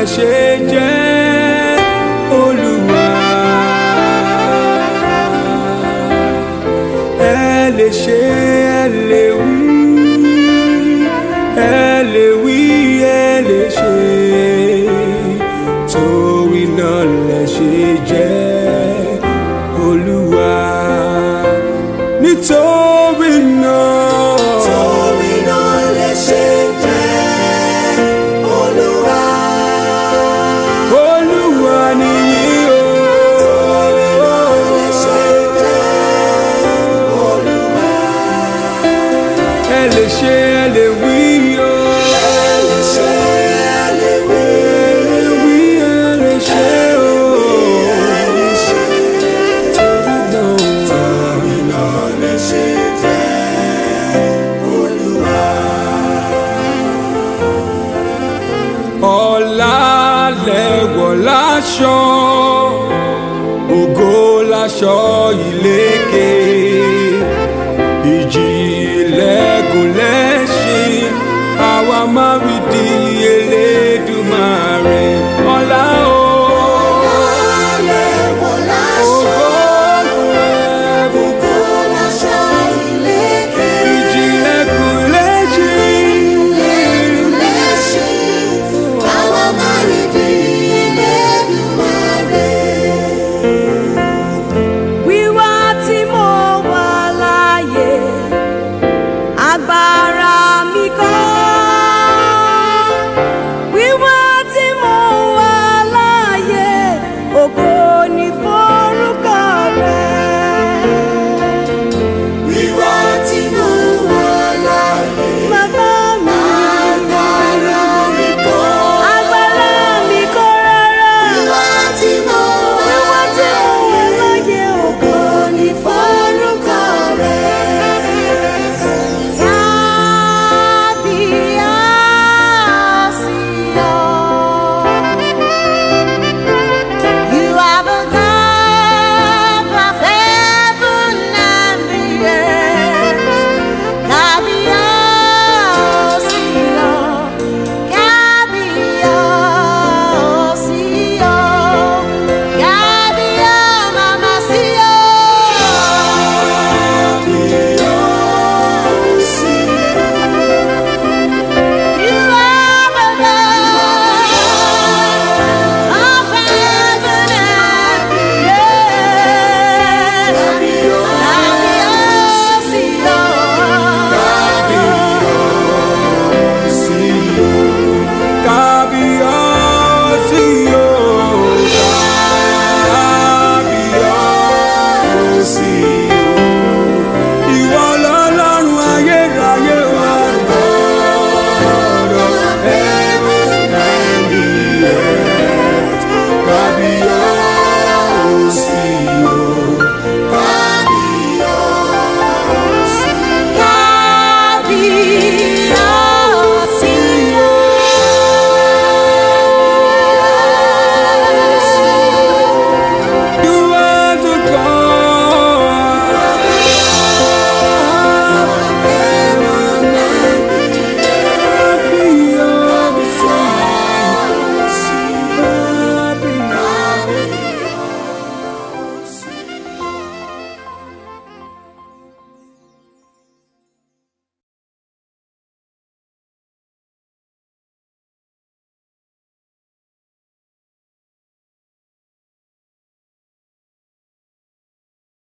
rẹ ṣe jẹ́ olúwa ẹ lè ṣe ẹ lè wí ẹ lè wí ẹ lè ṣe torí náà lẹ ṣe jẹ́ olúwa nítorí náà. láṣọ ògo láṣọ ìlékè.